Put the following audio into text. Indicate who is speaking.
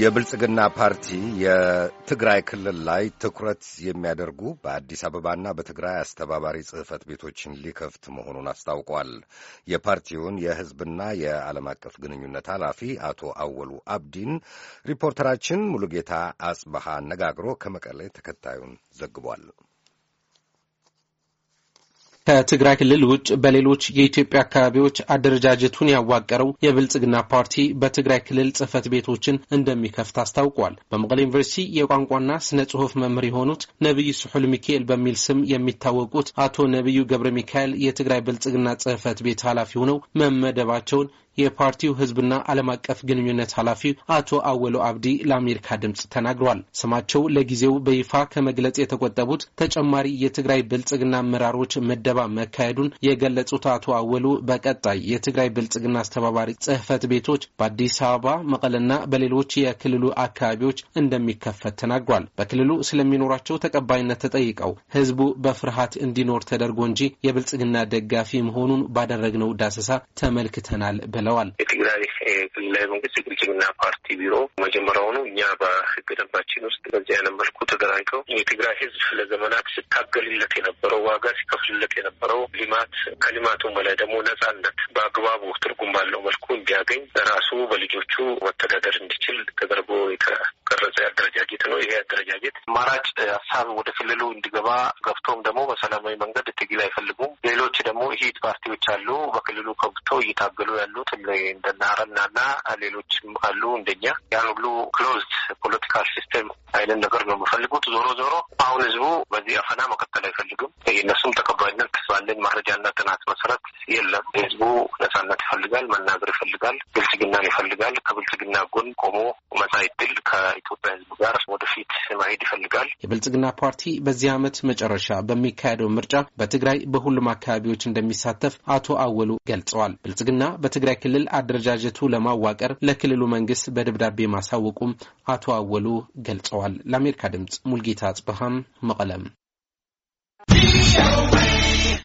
Speaker 1: የብልጽግና ፓርቲ የትግራይ ክልል ላይ ትኩረት የሚያደርጉ በአዲስ አበባና በትግራይ አስተባባሪ ጽህፈት ቤቶችን ሊከፍት መሆኑን አስታውቋል። የፓርቲውን የህዝብና የዓለም አቀፍ ግንኙነት ኃላፊ አቶ አወሉ አብዲን ሪፖርተራችን ሙሉጌታ አጽበሃ አነጋግሮ ከመቀሌ ተከታዩን ዘግቧል።
Speaker 2: ከትግራይ ክልል ውጭ በሌሎች የኢትዮጵያ አካባቢዎች አደረጃጀቱን ያዋቀረው የብልጽግና ፓርቲ በትግራይ ክልል ጽህፈት ቤቶችን እንደሚከፍት አስታውቋል። በመቀሌ ዩኒቨርሲቲ የቋንቋና ስነ ጽሁፍ መምህር የሆኑት ነቢዩ ስሑል ሚካኤል በሚል ስም የሚታወቁት አቶ ነቢዩ ገብረ ሚካኤል የትግራይ ብልጽግና ጽህፈት ቤት ኃላፊ ሆነው መመደባቸውን የፓርቲው ህዝብና ዓለም አቀፍ ግንኙነት ኃላፊ አቶ አወሎ አብዲ ለአሜሪካ ድምፅ ተናግረዋል። ስማቸው ለጊዜው በይፋ ከመግለጽ የተቆጠቡት ተጨማሪ የትግራይ ብልጽግና አመራሮች መደባ መካሄዱን የገለጹት አቶ አወሉ በቀጣይ የትግራይ ብልጽግና አስተባባሪ ጽህፈት ቤቶች በአዲስ አበባ፣ መቀለና በሌሎች የክልሉ አካባቢዎች እንደሚከፈት ተናግሯል። በክልሉ ስለሚኖራቸው ተቀባይነት ተጠይቀው ህዝቡ በፍርሃት እንዲኖር ተደርጎ እንጂ የብልጽግና ደጋፊ መሆኑን ባደረግነው ዳሰሳ ተመልክተናል ብለው ብለዋል።
Speaker 3: የትግራይ ክልላዊ መንግስት የብልጽግና ፓርቲ ቢሮ መጀመሪያውኑ እኛ በህገ ደንባችን ውስጥ በዚህ አይነት መልኩ ተደራጅተው የትግራይ ህዝብ ለዘመናት ሲታገልለት የነበረው ዋጋ ሲከፍልለት የነበረው ልማት ከልማቱም በላይ ደግሞ ነጻነት በአግባቡ ትርጉም ባለው መልኩ እንዲያገኝ ራሱ በልጆቹ መተዳደር እንዲችል ተደርጎ የተቀረጸ ያደረ አደረጃጀት ነው። ይሄ አደረጃጀት አማራጭ ሀሳብ ወደ ክልሉ እንዲገባ ገብቶም ደግሞ በሰላማዊ መንገድ ትግል አይፈልጉም። ሌሎች ደግሞ ሂድ ፓርቲዎች አሉ በክልሉ ከብቶ እየታገሉ ያሉት እንደና አረናና ሌሎችም አሉ እንደኛ ያን ሁሉ ክሎዝድ ፖለቲካል ሲስተም አይነት ነገር ነው የምፈልጉት። ዞሮ ዞሮ አሁን ህዝቡ በዚህ አፈና መቀጠል አይፈልግም። የእነሱም መረጃና ጥናት መሰረት የለም። ህዝቡ ነጻነት ይፈልጋል፣ መናገር ይፈልጋል፣ ብልጽግናን ይፈልጋል። ከብልጽግና
Speaker 2: ጎን ቆሞ መጻኢ ዕድል ከኢትዮጵያ ህዝብ ጋር ወደፊት ማሄድ ይፈልጋል። የብልጽግና ፓርቲ በዚህ ዓመት መጨረሻ በሚካሄደው ምርጫ በትግራይ በሁሉም አካባቢዎች እንደሚሳተፍ አቶ አወሉ ገልጸዋል። ብልጽግና በትግራይ ክልል አደረጃጀቱ ለማዋቀር ለክልሉ መንግስት በደብዳቤ ማሳወቁም አቶ አወሉ ገልጸዋል። ለአሜሪካ ድምጽ ሙልጌታ አጽበሃም መቀለም